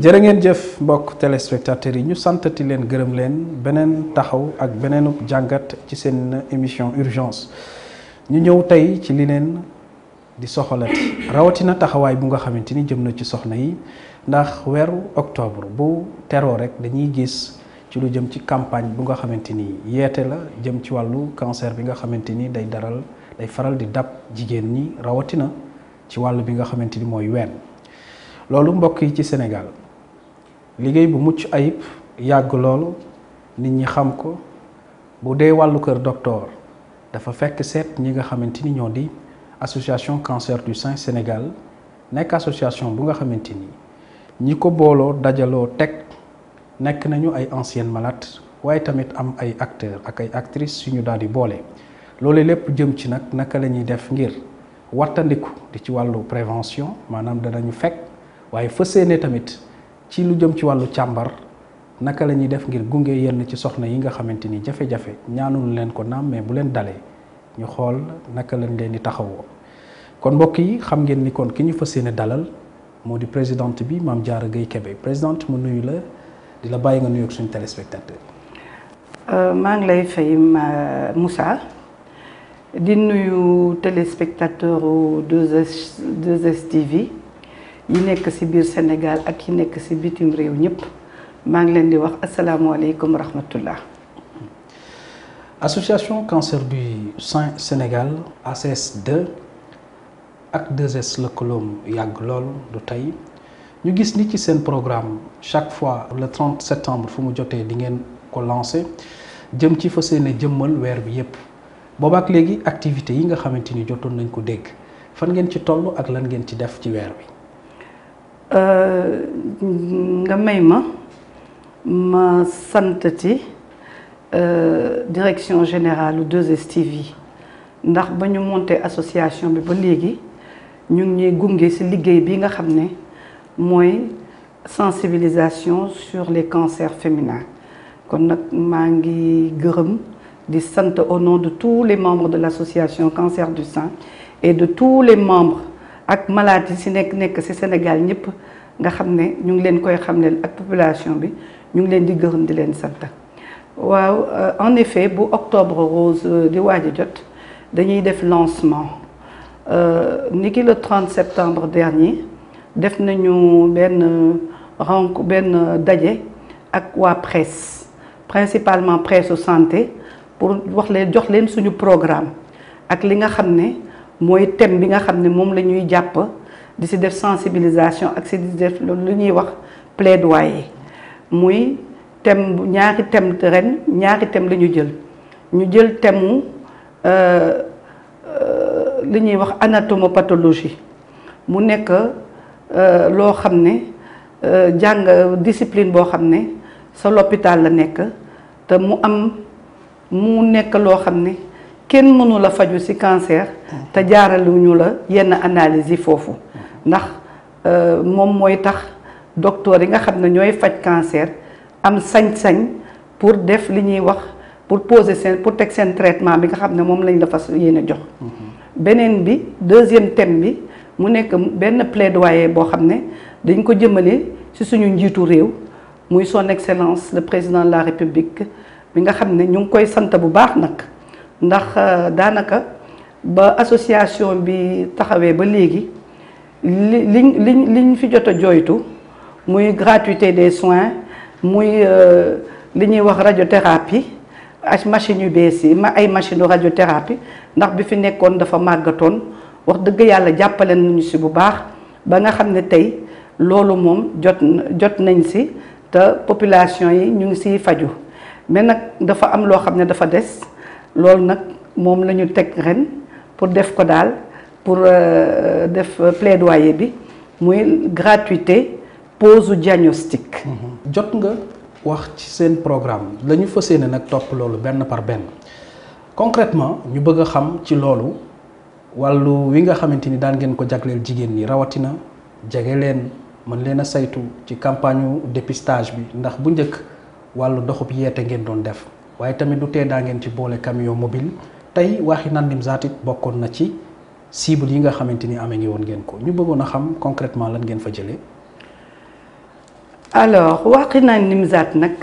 jërë ngeen jëf mbokk téléspectateurs yi ñu santati leen gërëm leen beneen taxaw ak beneenub jàngat ci seen émission urgence ñu ñëw tey ci li leen di soxalati rawatina taxawaay bu nga xamante ni jëm na ci soxna yi ndax weeru octobre bu teroo rek dañuy gis ci lu jëm ci campagne bu nga xamante ni yeete la jëm ci wàllu cancer bi nga xamante ni day daral day faral di dab jigéen ñi rawatina ci wàllu bi nga xamante ni mooy ween loolu mbokk yi ci Sénégal liggéey bu mucc ayib yàgg loolu nit ñi xam ko bu dee wàllu kër docteur dafa fekk seet ñi nga xamante ni ñoo di association cancer du sein Sénégal nekk association bu nga xamante ni ñi ko booloo dajaloo teg nekk nañu ay anciennes malades waaye tamit am ay acteurs ak ay actrices suñu ñu daal di boole loolu lépp jëm ci nag naka lañuy def ngir wattandiku di ci wàllu prévention maanaam danañu fekk waaye fas yéene tamit. ci lu jëm ci wàllu càmbar naka la ñuy def ngir gunge yenn ci soxna yi nga xamante ni jafe-jafe ñaanul leen ko naam mais bu leen dalee ñu xool naka lañ leen di taxawoo kon mbokk yi xam ngeen ni kon ki ñu fa yéene dalal moo di présidente bi Mame Diarra Gueye kebe présidente mu nuyu la di la bàyyi nga nuyu ak suñu téléspectateur euh, maa ngi lay fay ma Moussa di nuyu téléspectateur 2S 2STV yi nekk ci biir Sénégal ak yi nekk ci bitim réew ñëpp maa ngi leen di wax asalaamualeykum wa rahmatullah. association cancer du sein Sénégal ACS2 ak 2S lëkkaloom yàgg loolu du tey ñu gis ni ci seen programme chaque fois le 30 septembre fu mu jotee di ngeen ko lancé jëm ci fa seen jëmmal weer bi yépp boobaak léegi activités yi nga xamante ni jotoon nañ ko dégg fan ngeen ci toll ak lan ngeen ci def ci weer bi. nga may ma ma santati direction générale 2STV ndax ba ñu monté association bi ba léegi ñu ngi ñuy gunge ci liggéey bi nga xam ne mooy sensibilisation sur les cancers féminins kon nag maa ngi gërëm di sant au nom de tous les membres de l'association cancer du sein et de tous les membres ak malaat yi si nekk nekk si Sénégal ñëpp nga xam ne ñu ngi leen koy xam xamleel ak population bi ñu ngi leen di gërëm di leen sant waaw euh, en effet bu octobre rose euh, di waaj a jot dañuy def lancement euh, ni ki le 30 septembre dernier def nañu benn rencontre benn daje ak waa presse principalement presse santé pour wax leen jox leen suñu programme ak li nga xam ne mooy thème bi nga xam ne moom la ñuy jàpp di si def sensibilisation ak si di def lu ñuy wax plaidoyer muy thème bu ñaari thème ren ñaari thème la ñu jël ñu jël temu mu euh, euh, li ñuy wax anatomopathologie mu nekk euh, loo xam ne jàng discipline boo xam ne sa l'hôpital la nekk te mu am mu nekk loo xam ne kenn mënula la faju ci cancer te jaaraluñu la yenn analyse yi foofu ndax euh, moom mooy tax docteur yi nga xam ne ñooy faj cancer am sañ-sañ pour def li ñuy wax pour poser seen pour teg seen traitement bi nga xam ne moom lañ la fas yéene jox mhm. beneen bi deuxième thème bi mu nekk benn plaidoyer boo xam ne dañ ko jëmale ci suñu njiitu réew muy son excellence le président de la république bi nga xam ne ñu ngi koy sant bu baax nag ndax euh, daanaka ba association bi taxawee ba léegi li li li ñu fi jot a joytu muy gratuité des soin muy euh, li ñuy wax radiothérapie ak machines yu bees yi ma ay machine radiothérapie ndax bi fi nekkoon dafa màggatoon wax dëgg yàlla jàppale nañu si bu baax ba nga xam ne tey loolu moom jot nañ si te population yi ñu ngi siy faju mais nag dafa am loo xam ne dafa des loolu nag moom la ñu teg ren pour def ko daal pour euh, def plaidoyer bi muy gratuité pose diagnostic. Mhm. jot nga wax ci seen programme la ñu fas yéene nag topp loolu benn par benn concrètement ñu bëgg a xam ci loolu wàllu wi nga xamante ni daan ngeen ko jagleel jigéen ñi rawatina jege leen mën leen saytu ci campagne dépistage bi ndax bu njëkk wàllu doxub yeete ngeen doon def. waaye tamit du tee daa ngeen ci boole camion mobile tey waaxi nandim zaatit bokkoon na ci cible yi nga xamante ni amee ngi woon ngeen ko ñu bëggoon a xam concrètement lan ngeen fa jëlee. alors waaxi nandim zaat nag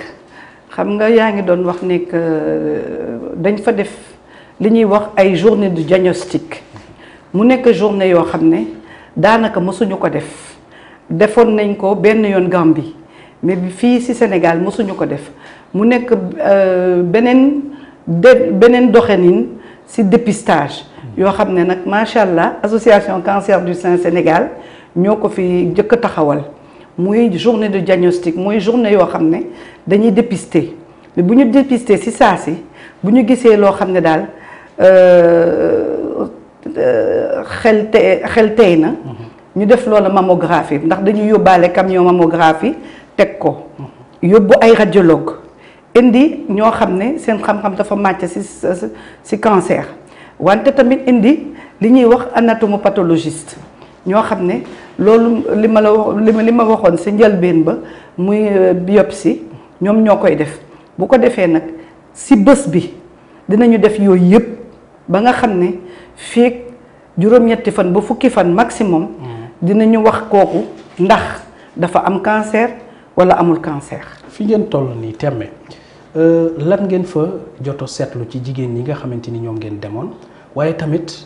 xam nga yaa ngi doon wax ne euh, dañ fa def li ñuy wax ay journée de diagnostic mu nekk journée yoo xam ne daanaka mësuñu ko def defoon nañ ko benn yoon Gambie. mais bi fii si Sénégal mosuñu ko def mu nekk euh, beneen de beneen doxanin si dépistage yoo xam ne nag macha allah association cancer du sein Sénégal ñoo ko fi jëkk taxawal muy journée de diagnostic mooy journée yoo xam ne dañuy dépister mais bu ñu dépister si saa si bu ñu gisee loo xam ne daal euh, euh, xel te xel tey na mhm. ñu def loola mammographie ndax dañuy yóbbaale camion mammographie teg ko yóbbu ay radiologue indi ñoo xam ne seen xam-xam dafa màcc ci ci cancer wante tamit indi li ñuy wax anatomopathologiste ñoo xam ne loolu li ma la wax li ma waxoon si njëlbeen ba muy euh, biopsie ñoom ñoo koy def bu ko defee nag si bés bi dinañu def yooyu yëpp ba nga xam ne fii juróom-ñetti fan ba fukki fan maximum mm. dinañu wax kooku ndax dafa am cancer wala amul cancer. fi ngeen toll nii temme euh, lan ngeen fa jot seetlu ci jigéen ñi nga xamante ni ñoom ngeen demoon waaye tamit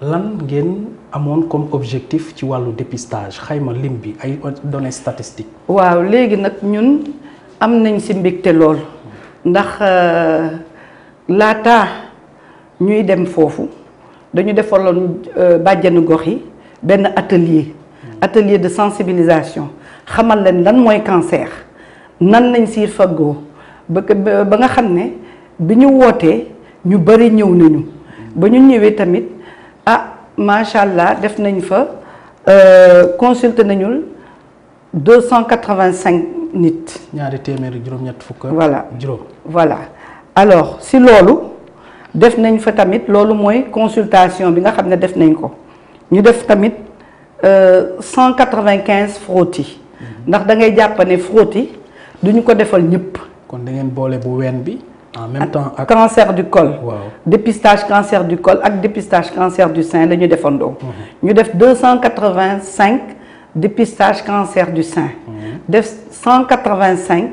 lan ngeen amoon comme objectif ci wàllu dépistage xayma lim bi ay données statistiques. waaw léegi nag ñun am nañ si mbigte lool ndax euh, laata ñuy dem foofu dañu defaloon euh, bàjjenu gox yi benn atelier. Hmm. atelier de sensibilisation. xamal leen lan mooy cancer nan lañ siy faggoo ba nga xam ne bi ñu wootee ñu bëri ñëw nañu ba ñu ñëwee tamit ah macha allah def nañ fa euh, consulté nañu deux cent quatre cinq nit. ñaari téeméer juróom-ñett fukk. voilà voilà alors si loolu def nañ fa tamit loolu mooy consultation bi nga xam ne def nañ ko ñu def tamit euh, cent quatre-vingt-quinze frottis ndax da ngay jàpp ne frottis du ñu ko defal ñëpp. kon da ngeen boole bu ween bi. en même temps ak cancer du col. waaw dépistage cancer du col ak dépistage cancer du sein defandoo. Mhm. ñu def deux cent quatre vingt cinq dépistage cancer du sein. Mhm. def cent quatre vingt cinq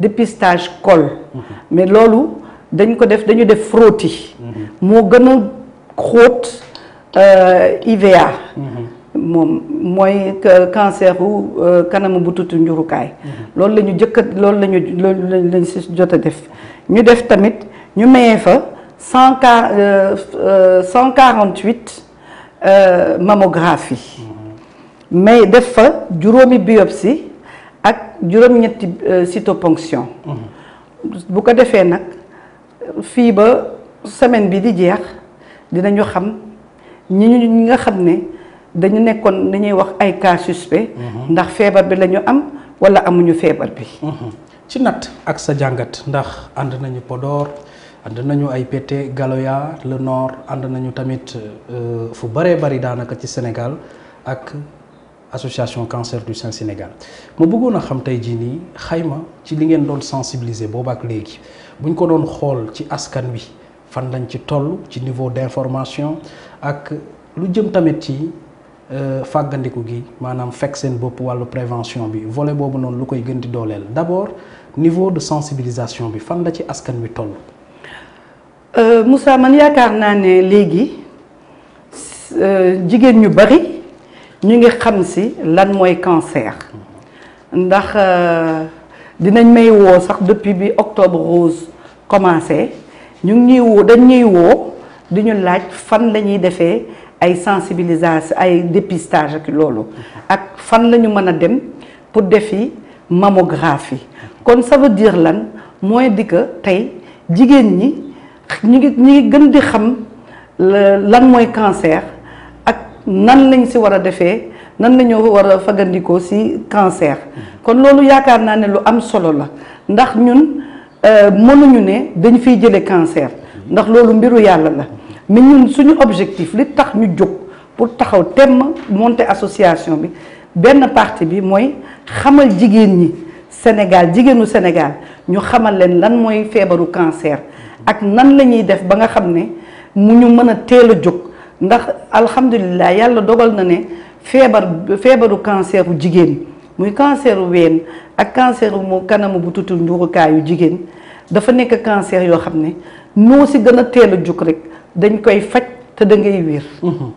dépistage col. Mhm. mais loolu dañ ko def dañu def frottis. moo gën a xóot euh, IVA. moom mooy cancer wu kanam bu euh, tutu njurukaay. Mm-hmm. loolu la ñu jëkk loolu la ñu loolu si jot a def. ñu def tamit ñu mayee fa cent euh, euh, cent quarante huit mammographie. Mm-hmm. mais def fa juróomi biopsie ak juróom-ñetti cytoponction. Mm-hmm. bu ko defee nag fii ba semaine bi di jeex dinañu xam ñi ñu ñi nga xam ne. dañu nekkoon dañuy wax ay cas mhm. ndax feebar bi la am wala amuñu feebar bi mhm. ci natt ak sa jàngat ndax ànd nañu Podor ànd nañu ay Pété Galoya le nord ànd nañu tamit euh, fu bëree bari daanaka ci Sénégal ak association cancer du sein Sénégal mu bëggoon a xam tey jii nii xayma ci li ngeen doon sensibiliser booba ak léegi buñ ko doon xool ci askan wi fan lañ ci toll ci niveau d'information ak lu jëm tamit ci Euh, fàggandiku gi maanaam fekk seen bopp wàllu prévention bi vole boobu noonu lu koy gën di dooleel d'abord niveau de sensibilisation bi fan la ci askan wi toll. Euh, Moussa man yaakaar naa ne léegi euh, jigéen ñu bari ñu ngi xam si lan mooy cancer ndax dinañ may woo sax depuis bi octobre rose commencé ñu ngi ñuy woo dañ woo di ñu laaj fan la ñuy defee. ay sensibilisation ay dépistage ak loolu ak fan lañu mën a dem pour defi mammographie kon ça veut dire lan mooy di tey jigéen ñi ñu ngi ñu gën di xam lan mooy cancer ak nan lañ si war a defee nan la war a fagandikoo si cancer kon loolu yaakaar naa ne lu am solo la ndax ñun euh, mënuñu ne dañ fiy jële cancer ndax loolu mbiru yàlla la mais suñu objectif li tax ñu jóg pour taxaw temm monter association bi benn partie bi mooy xamal jigéen ñi Sénégal jigéenu Sénégal ñu xamal leen lan mooy feebaru cancer ak nan la ñuy def ba nga xam ne mu ñu mën a teel a jóg ndax alhamdulilah yàlla dogal na ne feebar feebaru cancer bu jigéen muy cancer ween ak cancer mu kanamu bu tutul njuurukaayu jigéen dafa nekk cancer yoo xam ne noo si gën a teel a jóg rek dañ koy faj te da ngay wér. Mhm.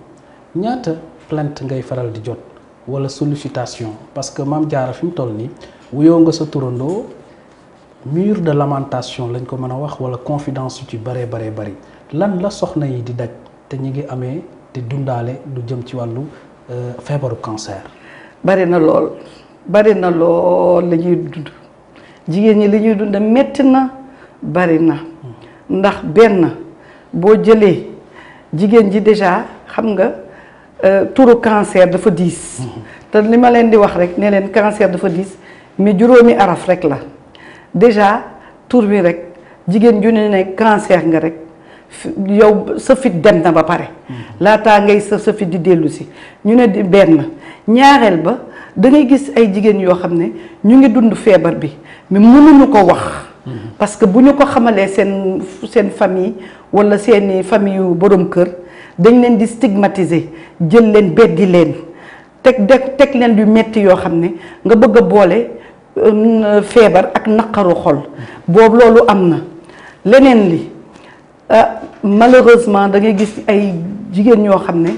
ñaata plainte ngay faral di jot wala sollicitation parce que maam jaara fi mu toll nii wuyoo nga sa turandoo mur de lamentation lañ ko mën a wax wala confidence yu ci bëree baree bëri lan la soxna yi di daj te ñu ngi amee te dundaale du jëm ci wàllu euh, feebaru cancer. bari na lool bari na lool lañuy ñuy dund jigéen ñi li ñuy dund metti na bari na mhm. ndax benn. boo jëlee jigéen ji déjà xam nga euh, turu cancer dafa diis mm-hmm. te li ma leen di wax rek ne leen cancer dafa diis mais juróomi araf rek la déjà tur bi rek jigéen ju ne ne cancer nga rek yow sa fit dem na ba pare mm-hmm. laataa ngay sa sa fit di dellu si ñu ne di benn ñaareel ba da ngay gis ay jigéen yoo xam ne ñu ngi dund feebar bi mais mënuñu ko wax parce que bu ñu ko xamalee seen seen famille wala seeni famille yu borom kër dañ leen di stigmatiser jël leen beddi leen teg de teg leen du metti yoo xam ne nga bëgg boole euh, feebar ak naqaru xol boobu loolu am na leneen li ah, malheureusement da ngay gis ay jigéen ñoo xam ne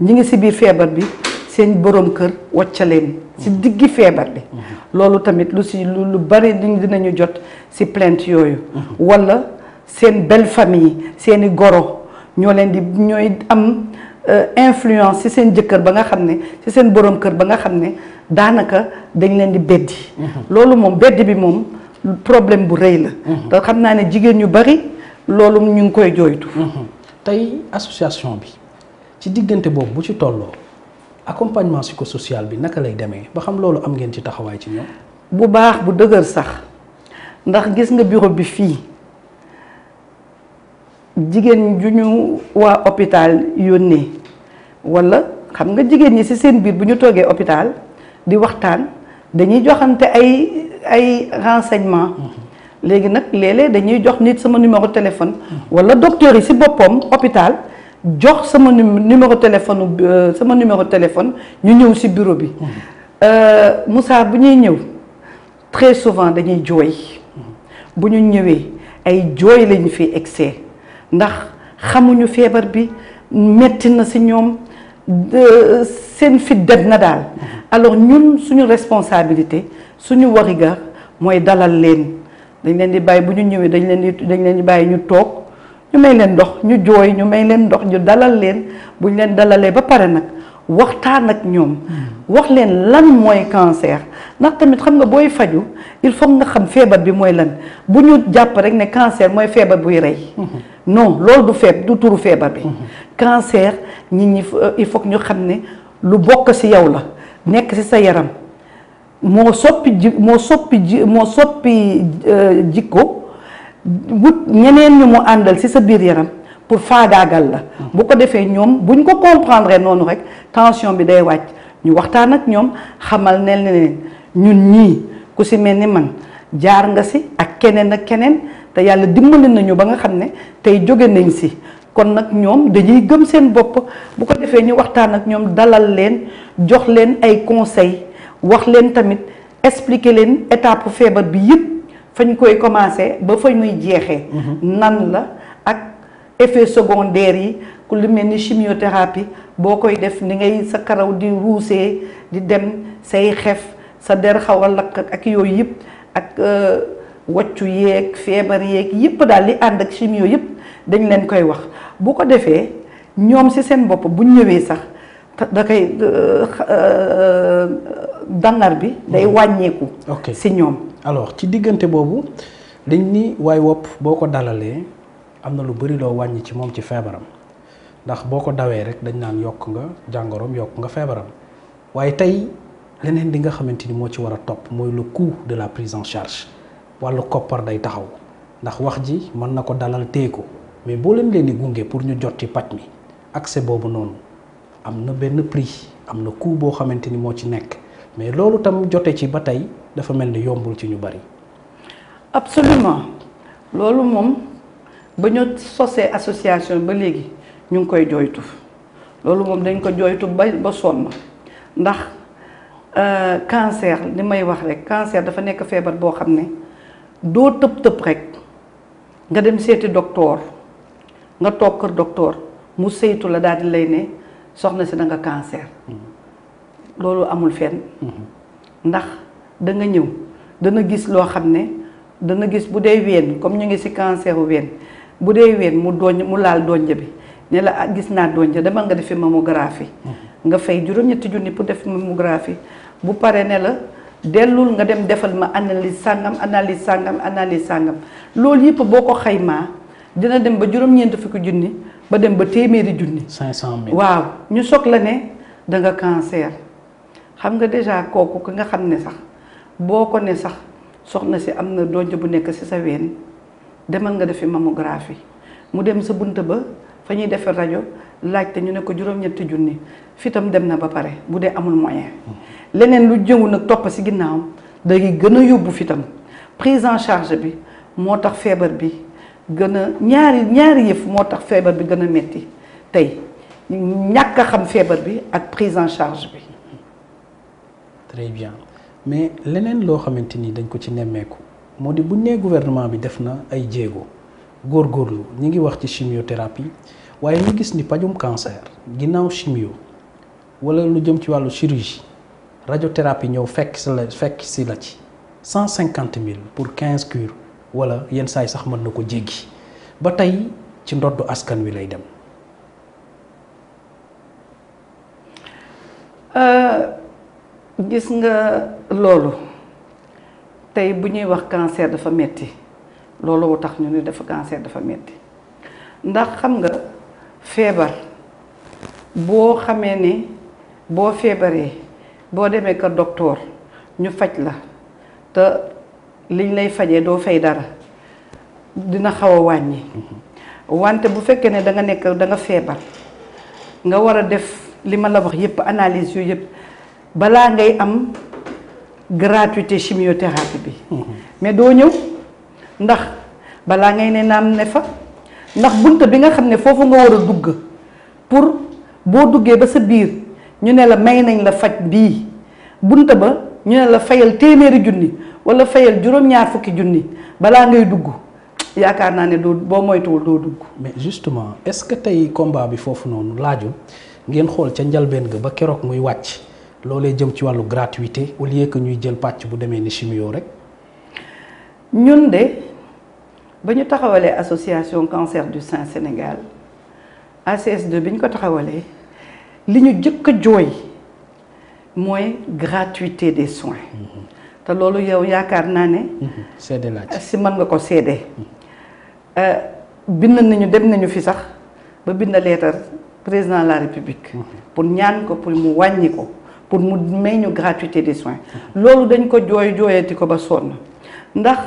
ñi ngi si biir feebar bi seen borom kër wàccaleen si diggi feebar bi loolu tamit lu si lu bari dinañu jot si plainte yooyu walla seen belle famille seeni goro ñoo leen di ñooy am euh, influence ci seen jëkkër ba nga xam ne ci seen boroom kër ba nga xam ne daanaka dañ leen di beddi mhm. loolu moom beddi bi moom problème bu rëy la mhm. te xam naa ne jigéen ñu bari loolu ñu ngi koy jooytu mhm. tey association bi ci diggante boobu bu ci tolloo accompagnement psychosocial bi naka lay demee ba xam loolu am ngeen ci taxawaay ci ñoom. bu baax bu dëgër sax ndax gis nga bureau bi fii jigéen ju ñu waa hôpital yónnee walla xam nga jigéen ñi ci seen biir bu ñu toogee hôpital di waxtaan dañuy joxante ay ay renseignement mm-hmm. léegi nag léeg dañuy jox nit sama numéro téléphone walla docteur yi ci boppam hôpital. jox sama numéro téléphone euh, sama numéro téléphone ñu ñëw ci bureau bi mhm. euh, Moussa bu ñuy ñëw très souvent dañuy jooy bu ñu ñëwee ay jooy lañu fi excès ndax xamuñu feebar bi metti na ci ñoom seen fit dem na daal mhm. alors ñun suñu responsabilité suñu wariga mooy dalal leen dañ leen di bàyyi bu ñu ñëwee dañ leen di dañ leen di bàyyi ñu toog ñu may leen ndox ñu jooy ñu may leen ndox ñu dalal leen buñ leen dalalee ba pare nag waxtaan ak ñoom hmm. wax leen lan mooy cancer ndax tamit xam nga booy faju il faut nga xam feebar bi mooy lan bu ñu jàpp rek ne cancer mooy feebar buy rey hmm. non loolu du feeb du turu feebar bi hmm. cancer nit ñi il faut ñu xam ne lu bokk ci yow la nekk ci sa yaram moo soppi ji moo soppi ji moo soppi euh, jikko wut ñeneen ñu mu àndal ci sa biir yaram pour faagaagal la bu ko defee ñoom buñ ko comprendre noonu rek tension bi day wàcc ñu waxtaan ak ñoom xamal ne leen ñun ñii ku ci mel ni man jaar nga ci ak keneen ak keneen te yàlla dimbali nañu ba nga xam ne tey jóge nañ ci kon nag ñoom dañuy gëm seen bopp bu ko defee ñu waxtaan ak ñoom dalal leen jox leen ay conseils wax leen tamit expliquer leen étape feebar bi yëpp fañ koy commencé ba fañ muy jeexee. Mhm. nan la ak effet secondaire yi ku li mel ni chimiothérapie boo koy def ni ngay sa karaw di ruusee di dem say xef sa der xaw lakk ak yooyu yëpp ak euh, waccu yeeg feebar yeeg yëpp daal li ànd ak chimio yëpp dañ leen koy wax bu ko defee ñoom si seen bopp bu ñëwee sax da koy. Euh, euh, danar bi day mhm. wàññeeku. ok si ñoom. alors ci diggante boobu dañ ni waay wopp boo ko dalalee am na lu bëri loo wàññi ci moom ci feebaram ndax boo ko dawee rek dañ naan yokk nga jàngoroom yokk nga feebaram waaye tey leneen li nga xamante ni moo ci war a topp mooy le coût de la prise en charge wàllu koppar day taxaw ndax wax ji mën na ko dalal téye ko mais boo leen leen di gunge pour ñu jot ci paj mi accès boobu noonu am na benn prix am na coût boo xamante ni moo ci nekk. mais loolu tam jote ci ba tey dafa mel ni yombul ci ñu bari. absolument loolu moom ba ñu sosee association ba léegi ñu ngi koy jooytu loolu moom dañ ko jooytu ba ba sonn ndax euh, cancer li may wax rek cancer dafa nekk feebar boo xam ne doo tëb tëb rek nga dem seeti docteur nga toog kër docteur mu saytu la daal di lay ne soxna si da nga loolu amul fenn mm-hmm. ndax danga ñëw dana gis loo xam ne dana gis bu dee ween comme ñu ngi ci canceru ween bu dee ween mu doñ mu laal donja bi ne la ah, gis naa donja demal nga defi mammographie mm-hmm. nga fay juróom junni pour def mammographie bu pare ne la dellul nga dem defal ma analyse sàngam analyse sàngam analyse sàngam loolu yëpp boo ko xaymaa dina dem ba juróom-ñeent fukki junni ba dem ba téeméeri junni. 500000 waaw ñu soog la ne danga nga cancer. xam nga déjà kooku ki nga xam ne sax boo ko ne sax soxna si am na donj bu nekk si sa ween demal nga defi mammographie mu dem sa bunt ba fa ñuy defee rajo laajte ñu ne ko juróom-ñetti junni fitam dem na ba pare bu dee amul moyen leneen lu jëngu nag topp si ginnaaw day gën a yóbbu fitam prise en charge bi moo tax feebar bi gën a ñaari ñaari yëf moo tax feebar bi gën a metti tey ñàkk xam feebar bi ak prise en charge bi bien mais leneen loo xamante ni dañ ko ci nemmeeku moo di bu nee bi def na ay jéego góorgóorlu ñu ngi wax ci chimiothérapie waaye ñu gis ni pajum cancer ginnaaw chimio wala lu jëm ci wàllu chirurgie radiothérapie ñëw fekk si la ci cent cinquante mille pour quinze cures wala yenn saa sax mën na ko jéggi ba tey ci ndoddu askan wi lay dem. Euh, gis nga loolu tey bu ñuy wax cancer dafa metti looloo tax ñu ne dafa cancer dafa metti ndax xam nga feebar boo xamee ni boo feebaree boo demee ko docteur ñu faj la te liñ lay fajee doo fay dara dina xaw a wàññi wante bu fekkee ne danga nekk da nga feebar nga war a def li ma la wax yépp analise yu yépp balaa ngay am gratuité chimiothérapie bi mais doo ñëw ndax balaa ngay ne naam ne fa ndax bunta bi nga xam ne foofu nga war a dugg pour boo duggee ba sa biir ñu ne la may nañ la faj bii bunta ba ñu ne la fayal téeméeri junni wala fayal juróom-ñaar fukki junni balaa ngay dugg yaakaar naa ne doo boo moytuwul doo dugg. mais justement est-ce que tey combat bi foofu noonu laaju ngeen xool ca njalbeen ga ba keroog muy wàcc. loolee jëm ci wàllu gratuité au lieu que ñuy jël pàcc bu demee ni chimio rek. ñun de ba ñu taxawalee association cancer du sein Sénégal ACS2 bi ko taxawalee li ñu jëkk a jooy mooy gratuité des mm-hmm. te loolu yow yaakaar naa ne. Mm-hmm. seede laaj si mën nga ko seede. Mm-hmm. Euh, bind nañu dem nañu fi sax ba bind leetar président la république. pour ñaan ko pour mu wàññi ko. pour mu may ñu gratuité des soins loolu dañ ko jooy jooyati ko ba sonn ndax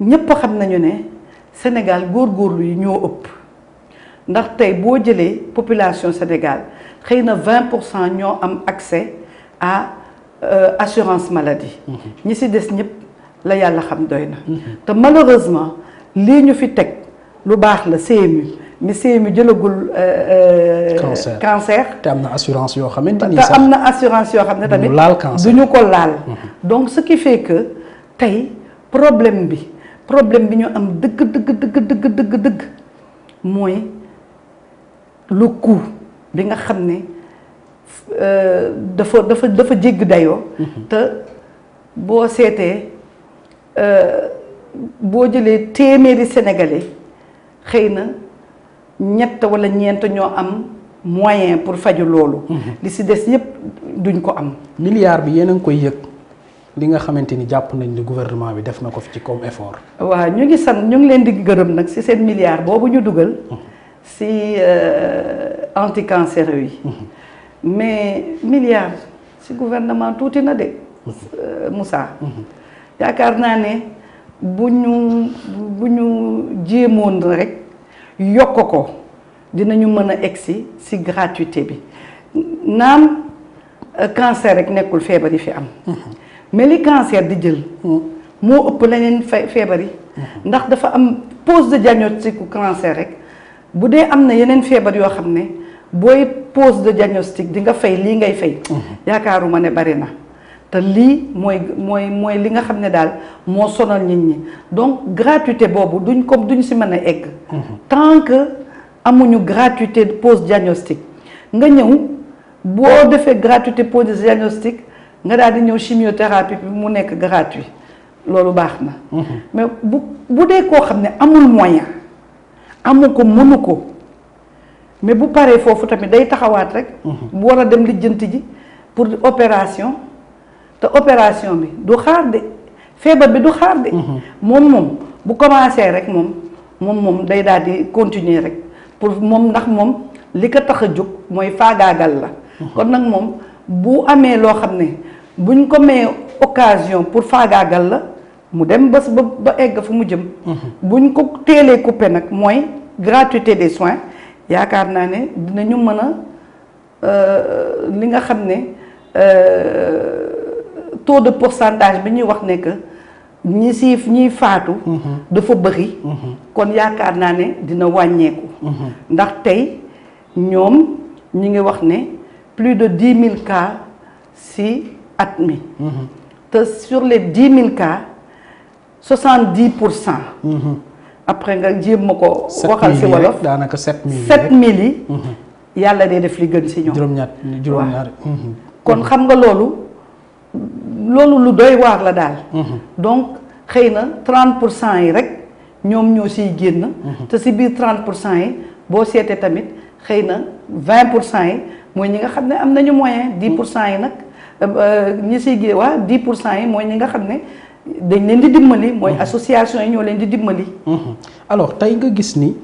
ñépp xam nañu ne Sénégal góor góorgóorlu yi ñoo ëpp ndax tey boo jëlee population Sénégal xëy na 20 pour cent ñoo am accès à euh, assurance maladie. Mm-hmm. ñi ci des ñépp la yàlla xam doy na. Mm-hmm. te malheureusement lii ñu fi teg lu baax la CMU. ni CMU jëlagul. Euh, euh, cancer cancer. te am na assurance yoo xamante ni am na assurance yoo xam ne tamit. du ñu ko laal. Mhm. donc ce qui fait que tey problème bi problème bi ñu am dëgg dëgg dëgg dëgg dëgg mooy lu coût bi nga xam ne euh, dafa dafa dafa jégg dayoo. Mhm. te boo seetee boo jëlee téeméeri sénégalais xëy na. ñett wala ñeent ñoo am moyen pour faju loolu. Mhm. li si des yëpp duñ ko am. milliard bi yéen a ngi koy yëg li nga xamante ni jàpp nañ ne gouvernement bi def na ko fi ci comme effort. waaw ñu ngi sant ñu ngi leen di gërëm nag si seen milliard boobu ñu dugal. Mhm. si euh, anticancéreux yi. Mhm. mais milliard si gouvernement tuuti na de. Euh, Moussa. yaakaar naa ne bu ñu bu ñu jéemoon rek. yokk ko dinañu mën a egsi si gratuité bi naam euh, cancer rek nekkul feebar yi fi am mm-hmm. mais li cancer di jël mm-hmm. moo ëpp leneen feebar yi mm-hmm. ndax dafa am pose de diagnostic ku cancer rek bu dee am na yeneen feebar yoo xam ne booy pose de diagnostic di nga fay lii ngay fay yaakaaruma ne bari na te lii mooy mooy mooy li nga xam ne daal moo sonal nit ñi donc gratuité boobu duñ comme duñ si mën a egg. Mhm. tant que amuñu gratuité pose diagnostic nga ñëw boo defee gratuité pose diagnostic nga daal di ñëw chimiothérapie bi mu nekk gratuit loolu baax na. Mhm. mais bu bu dee koo xam ne amul moyen amu ko mënu ko mais bu paree foofu tamit day taxawaat rek. bu mhm. war a dem lijjanti ji pour opération. te opération bi du xaar de feebar bi du xaar de. Mhm. moom moom bu commencé rek moom moom moom day daal di continuer rek pour moom ndax moom li ko tax a jóg mooy faagaagal la. Mhm. kon nag moom bu amee loo xam ne buñ ko mayee occasion pour faagaagal la mu dem bés ba egg fu mu jëm. Mhm. buñ ko teelee coupé nag mooy gratuité des soins yaakaar naa ne dina ñu mën a euh, li nga xam ne. Euh, taux de pourcentage bi ñuy wax ne que ñi si ñiy faatu. Mhm. dafa bëri. Mhm. kon yaakaar naa ne dina wàññeeku. Mhm. ndax tey ñoom ñi ngi wax ne plus de dix mille cas si at mi. te sur les dix mille cas soixante dix pour cent. après nga jéem ma ko. waxal si wolof daanaka sept mille sept yi. yàlla day def li gën si ñoom. juróom kon xam nga loolu. loolu lu doy waar la daal. Mhm. donc xëy na 30 pour cent yi rek ñoom ñoo siy génn. Mhm. te si biir 30 pour cent yi boo seetee tamit xëy na vingt pour cent yi mooy ñi nga xam ne am nañu moyen 10 mhm. pour yi nag euh, euh, ñi siy gé waa 10 pour cent yi mooy ñi nga xam ne. dañ leen di dimbali mooy association yi ñoo leen di dimbali. alors tey nga gis ni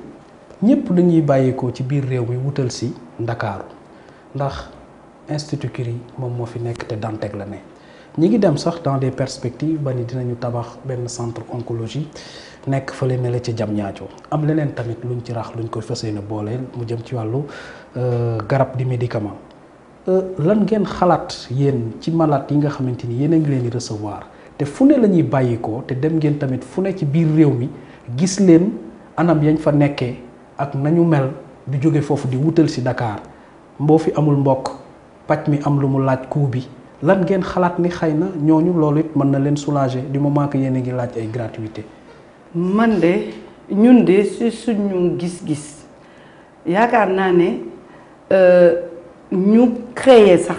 ñëpp dañuy bàyyeekoo ci biir réew mi wutal si Ndakaaru ndax institut yi moom moo fi nekk te Dantec la ne. ñi ngi dem sax dans des perspectives ba ni dinañu tabax benn centre oncologie nekk fële ne la ca jam ñaaco am leneen tamit lu ñu ci rax lu ñu ko fas yéene booleel mu jëm ci wàllu euh, garab di médicament euh, lan ngeen xalaat yéen ci malaat yi nga xamante ni yéen a ngi leen di recevoir te fu ne la ñuy bàyyikoo te dem ngeen tamit fu ne ci biir réew mi gis leen anam yañ fa nekkee ak nañu mel di jóge foofu di wutal si Dakar mboo fi amul mbokk paj mi am lu mu laaj kuu bi lan ngeen xalaat ni xëy na ñooñu lool it mën na leen soulager du moment que yéen a ngi laaj ay gratuité man de ñun de si suñu gis-gis yaakaar naa ne euh, ñu créer sax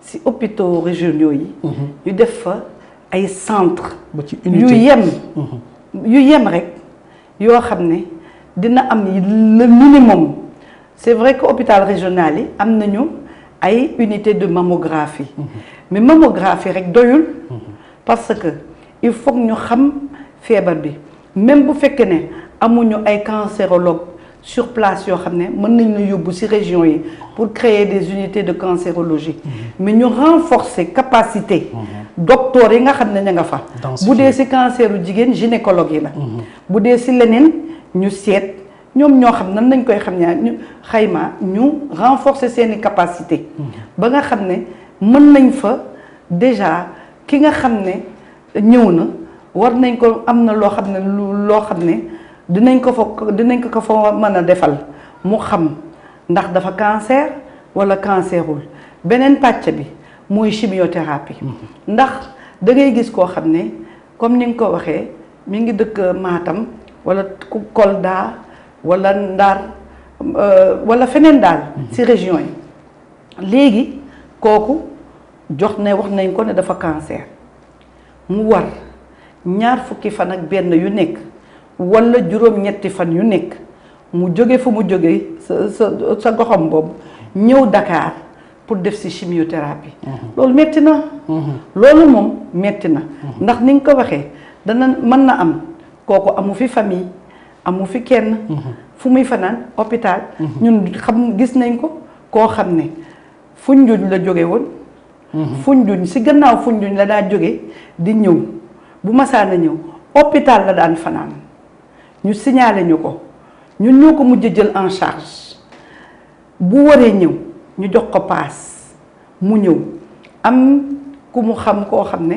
si hôpitaux régionaux yi mhm. ñu def fa ay centre yu yem mhm. yu yem rek yoo xam ne dina am le minimum c'est vrai que hôpital régional yi am na nañu ay unité de mammographie mais mammographie rek doyul parce que il faut ñu xam feebar bi même bu fekkee ne amuñu ay cancérologue sur place yoo xam ne mën nañ la yóbbu ci région yi pour créer des unités de cancérologie mais ñu renforcer capacité docteur yi nga xam ne ña nga fa bu dee ci canceru jigéen gynécologue yi la mhm. bu dee ci leneen ñu seet ñoom ñoo xam nan nañ koy xam ñaa ñu xayma ñu renforcer seen capacité mm-hmm. ba nga xam ne mën nañ fa déjà ki nga xam ne ñëw na war nañ ko am na loo xam ne loo xam ne dinañ ko fa dinañ ko ko fa mën a defal mu xam ndax dafa cancer wala cancerul beneen pàcc bi mooy chimiothérapie mm-hmm. ndax dangay gis koo xam ne comme ni nga ko waxee mi ngi dëkk Matam wala Kolda wala ndaar euh, wala feneen daal mhm. ci région yi léegi kooku jox ne wax nañ ko ne dafa cancer mu war ñaar fukki fan ak benn yu nekk walla juróom-ñetti fan yu nekk mu jóge fu mu jóge sa sa sa goxam boobu ñëw dakaar pour def ci chimiothérapie mhm. loolu metti na mhm. loolu moom metti na ndax ni nga ko waxee dana mën na am kooku amu fi famille amu fi kenn. Mhm. fu muy fanaan hôpital. Mhm. ñun xam gis nañ ko koo xam ne Foundiougne la jóge woon. Mhm. Foundiougne si gannaaw Foundiougne la daa jóge di ñëw bu masaana ñëw hôpital la daan fanaan ñu signalé ñu ko ñun ñoo ko mujj jël en charge bu waree ñëw ñu jox ko paas mu ñëw am ku mu xam koo xam ne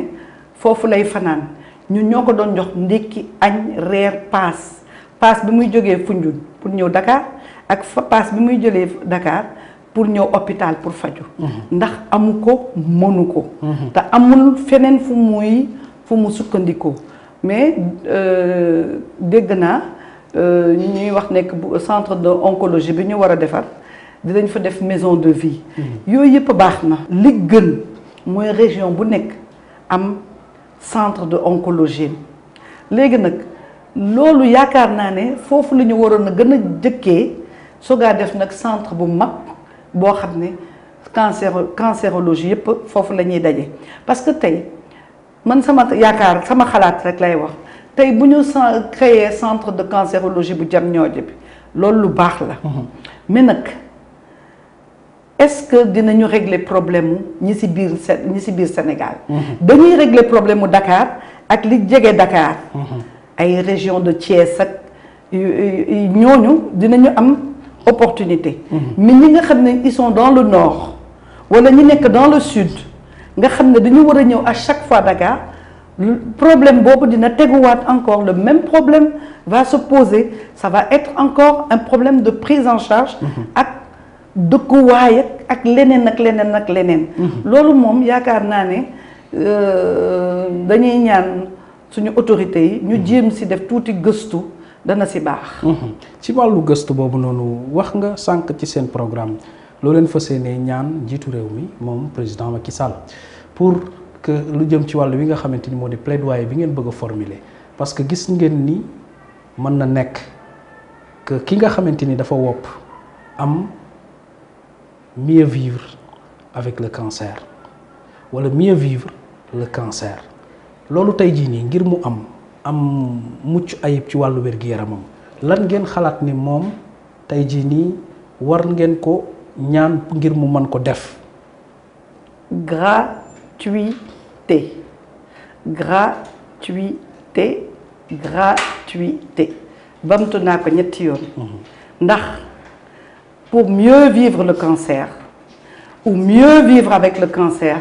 foofu lay fanaan ñun ñoo ko doon jox ndékki añ reer paas. paas bi muy jógee Foundiougne pour ñëw Dakar ak fa bi muy jëlee Dakar pour ñëw hôpital pour faju mhm. ndax amu ko mënu ko mhm. te amul feneen fu muy fu mu sukkandikoo mais euh, dégg naa euh, ñuy wax nekk bu centre de oncologie bi ñu war a defar dinañ fa def maison de vie mhm. yooyu yëpp baax na li gën mooy région bu nekk am centre de oncologie léegi nag loolu yaakaar naa ne foofu la ñu waroon a gën a jëkkee sogaa def nag centre bu mag boo xam ne cancer cancérologie yépp foofu la ñuy daje parce que tey man sama yaakaar sama xalaat rek lay wax tey bu ñu créer centre de cancérologie bu jam ñoojo bi loolu lu baax la mhm. mais nag est-ce que dinañu régler problème ñi ci biir ñi ci biir Sénégal mhm. dañuy régler problème mu ak li jege Dakar mhm. ay région de Thiès ak ñooñu dinañu am opportunité. Mhm. mais ñi nga xam ne isson sont dans le nord wala ñi nekk dans le sud nga xam ne dañu war a ñëw à chaque fois Dakar problème boobu dina teguwaat encore le même problème va se poser ça va être encore un problème de prise en charge. Mhm. ak dëkkuwaay ak leneen ak leneen ak leneen. Mhm. loolu moom yaakaar naa ne euh, dañuy ñaan. suñu autorités yi ñu mhm. jéem si def tuuti gëstu dana si baax. Mhm. ci wàllu gëstu boobu noonu wax nga sànq ci seen programme loo leen fas yéenee ñaan jiitu réew mi moom président Macky Sall pour que lu jëm ci wàllu wi nga xamante ni moo di plaidoyer bi ngeen bëgg a parce que gis ngeen ni mën na nekk que ki nga xamante ni dafa wopp am mieux vivre avec le cancer wala mieux vivre le cancer. loolu tey jii nii ngir mu am am mucc ayib ci wàllu wér-gu-yaramam lan ngeen xalaat ni moom tey jii nii war ngeen ko ñaan ngir mu mën ko def. gratuité gratuité gratuité bamtu naa ko ñetti yoon. Mhm. ndax pour mieux vivre le cancer ou mieux vivre avec le cancer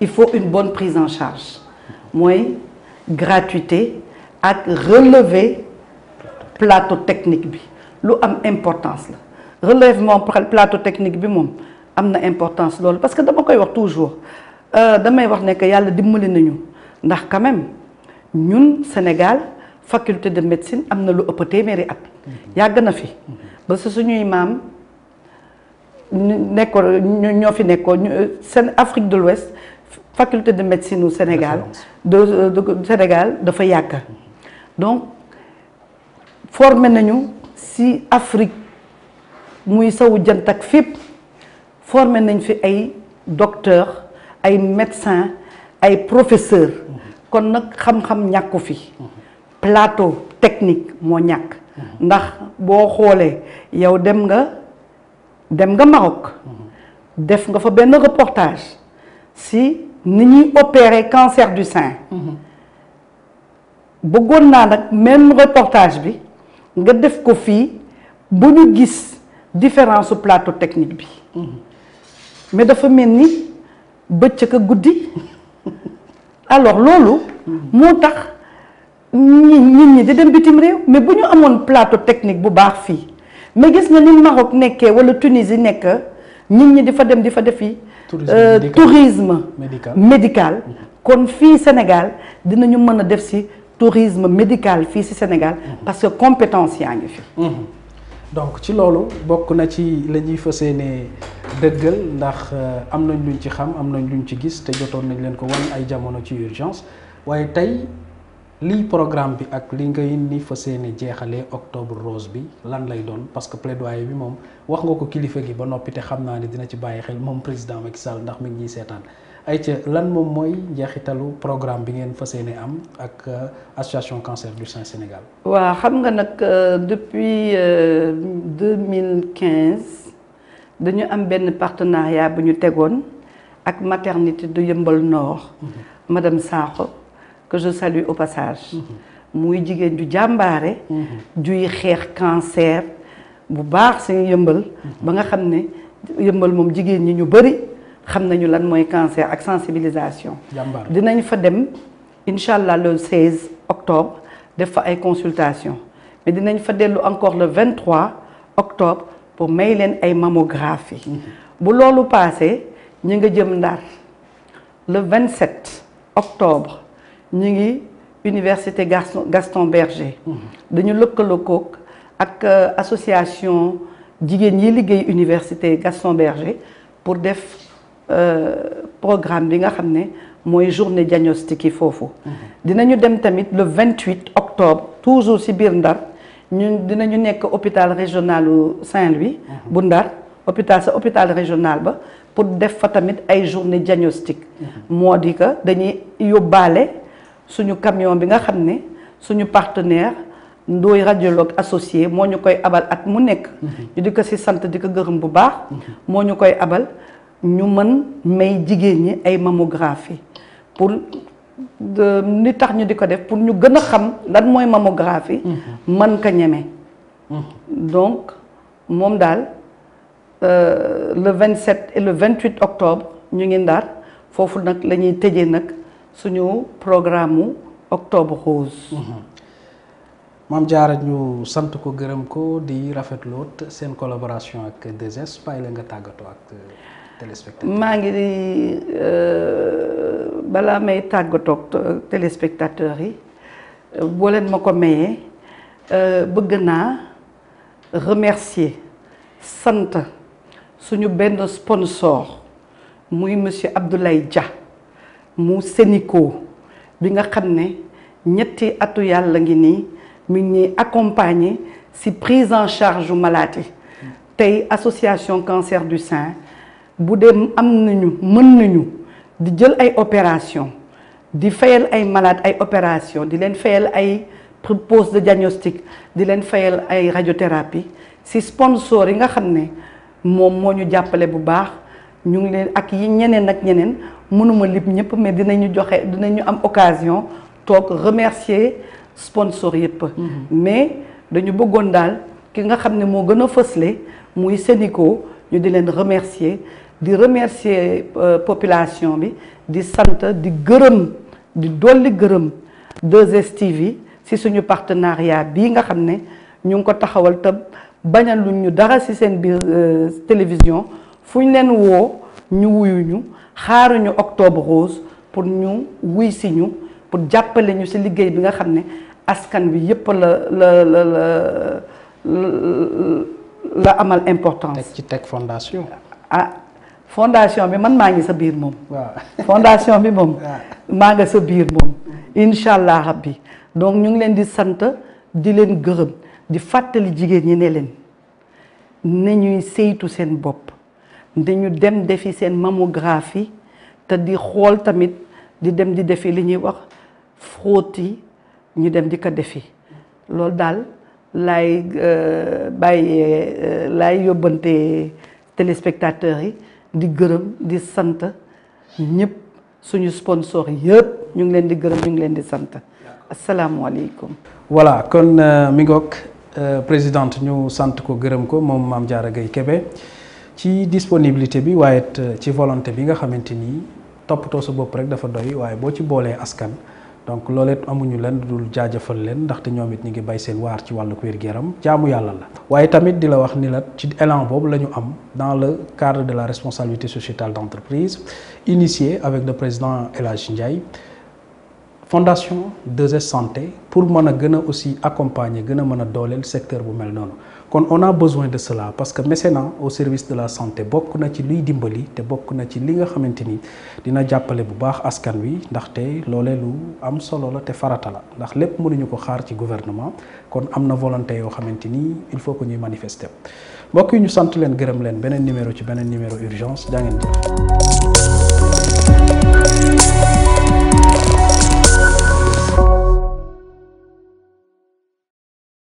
il faut une bonne prise en charge. mooy gratuité ak relever plateau technique bi lu am importance la relèvement plateau technique bi moom am na importance loolu parce que dama koy wax toujours euh, damay wax ne que yàlla dimbali nañu ndax quand ñun Sénégal faculté de médecine am na lu ëpp téeméeri at yàgg na fi ba su suñuy maam nekkoon ñoo fi nekkoon euh, seen Afrique de l'Ouest faculté de médecine au Sénégal de, de, euh, de Sénégal dafa yàgg donc formé nañu si Afrique muy sawu jant ak fépp formé nañ fi ay docteurs ay médecins ay professeurs kon nag xam-xam ñàkku fi plateau technique moo ñàkk ndax boo xoolee yow dem nga dem nga Maroc def nga fa benn reportage si ni ñuy opérer cancer du sein bëggoon naa nag même reportage bi nga def ko fii bu ñu gis différence su plateau technique bi mais dafa mel ni bëccëg a guddi alors loolu moo tax ñi nit ñi di dem bitim réew mais bu ñu amoon plateau technique bu baax fii ma gis nga ni Maroc nekkee wala Tunisie nekk nit ñi di fa dem di fa def yi tourisme euh, médical kon fii Sénégal dinañu mën a def si tourisme médical fii si Sénégal mhm. parce que compétence yaa ngi fi mhm. donc ci loolu bokk na ci la ñuy fas yéene dëggal ndax euh, am nañ luñ ci xam am nañ luñ ci gis te jotoon nañ leen ko wan ay jamono ci urgence waaye tey lii programme bi ak li ngay ni fa seeni jeexalee octobre rose bi lan lay doon parce que plaidoyer bi moom wax nga ko kilifa gi ba noppi te xam naa ne dina ci bàyyi xel moom président mag Sall ndax mi ngi ñuy seetaan ay ca lan moom mooy njeexitalu programme bi ngeen fa yéene am ak euh, association cancer du sein Sénégal. waaw xam nga nag euh, depuis euh, deux mille quinze dañu am benn partenariat bu ñu tegoon ak maternité du Yeumbeul Nord. Mm-hmm. madame Sakho. que je salue au passage mhm. muy jigéen ju jàmbaare mhm. juy xeex cancer bu baax si yëmbal mhm. ba nga xam ne yëmbal moom jigéen ñi ñu bëri xam nañu lan mooy cancer ak sensibilisation dinañ fa dem incha allah le 16 octobre def fa ay consultation mais dinañ fa dellu encore le 23 octobre pour may leen ay mammographie bu loolu passé ñu nga jëm Ndar le 27 octobre ñu ngi université Gaston Gaston Berger. Mm-hmm. dañu lëkkaloo kook ak euh, association jigéen ñi liggéey université Gaston Berger pour def euh, programme bi nga xam ne mooy journée diagnostique yi foofu. Mm-hmm. dinañu dem tamit le 28 octobre toujours ci biir Ndar ñun dinañu nekk hôpital régional Saint-Louis. Mm-hmm. bu Ndar hôpital sa hôpital régional ba pour def fa tamit ay journée diagnostique. moo di que dañuy yóbbaale. suñu camion bi nga xam ne suñu partenaire ndooy radiologue associé moo ñu koy abal ak mu nekk. Mhm. ñu di ko si sant di ko gërëm bu baax. Mhm. moo ñu koy abal ñu mën may jigéen ñi ay mammographie pour li tax ñu di ko def pour ñu gën a xam lan mooy mammographie. Mhm. mën ko ñeme. donc moom daal euh, le 27 et le 28 octobre ñu ngi ndar foofu nag lañuy ñuy tëjee nag. suñu programme mu octobre rose. Mhm. Mame Diarra ñu sant ko gërëm ko di rafetlu seen collaboration ak 2S bàyyi la nga tàggatoo ak euh, téléspectateur. maa ngi di euh, balaa may tàggatoo ak euh, yi boo leen ma ko mayee bëgg naa remercier sant suñu benn sponsor muy monsieur Abdoulaye Dia. mu Sénico bi nga xam ne ñetti atu yàlla ngi nii mi ngi ñuy accompagner si prise en charge malade yi tey association cancer du sein bu dee am nañu mën nañu di jël ay opération di fayal ay malade ay opération di leen fayal ay pose de diagnostic di leen fayal ay radiothérapie si sponsor yi nga xam ne moom moo ñu jàppale bu baax ñu ngi leen ak yi ñeneen ak ñeneen mënuma lib ñëpp mais dinañu joxe dinañu am occasion toog remercier sponsor yëpp mm-hmm. mais dañu bëggoon daal ki nga xam ne moo gën a fësle muy Sénico ñu di leen remercier di remercier euh, population bi di sant di gërëm di dolli gërëm 2STV ci suñu partenariat bii nga xam ne ñu ngi ko taxawal te bañaluñ ñu dara ci seen biir euh, télévision fu ñu leen woo ñu wuyuñu xaaruñu octobre rose pour ñu wuy si ñu pour jàppale ñu si liggéey bi nga xam ne askan bi yépp la la la la amal important ci teg fondation. ah fondation bi man maa ngi sa biir moom. waaw fondation bi moom. maa nga sa biir moom. incha allah rabbi donc ñu ngi leen di sant di leen gërëm di fàttali jigéen ñi ne leen na ñuy saytu seen bopp. dañu dem defi seen mammographie te di xool tamit di dem di defi li ñuy wax frottis ñu dem di ko yi loolu daal laay euh, bàyyee euh, lay yóbbante téléspectateurs yi di gërëm di sant ñëpp suñu sponsor yëpp ñu ngi leen di gërëm ñu ngi leen di sant asalaamualeykum. voilà kon euh, mi ngoog présidente ñu sant ko gërëm ko moom Mame Diarra Gueye Kébé. ci disponibilité bi waaye euh, ci volonté bi nga xamante ni toppatoo sa bopp rek dafa doy waaye boo ci boolee askan donc loolu amuñu leen dul jaajëfal leen ndaxte ñoom it ñu ngi bay seen waar ci wàllu wér-gu-yaram jaamu yàlla la. waaye tamit di la wax ni la ci élan boobu la ñu am dans le cadre de la responsabilité sociétale d'entreprise initié avec le président El Hadj fondation 2S santé pour mën a gën a aussi accompagner gën a mën a dooleel secteur bu mel noonu. kon on a besoin de cela parce que mécénat au service de la santé bokk na ci luy dimbali te bokk na ci li nga xamante ni dina jàppale bu baax askan wi ndaxte loole lu am solo la te farata la ndax lépp mënuñu ko xaar ci gouvernement kon am na volonté yoo xamante ni il faut que ñuy manifester mbokk ñu sant leen gërëm leen beneen numéro ci beneen numéro urgence jaa ngeen